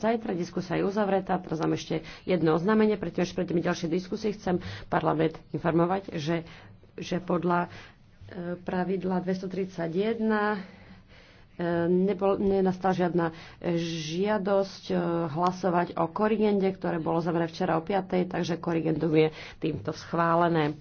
Zajtra diskusia je uzavretá, teraz mám ešte jedno oznámenie, predtým, ešte prejdeme ďalšie diskusie, chcem parlament informovať, že, že podľa e, pravidla 231 e, nebol, nenastala žiadna žiadosť e, hlasovať o korigende, ktoré bolo zavrené včera o 5. Takže korigendum je týmto schválené.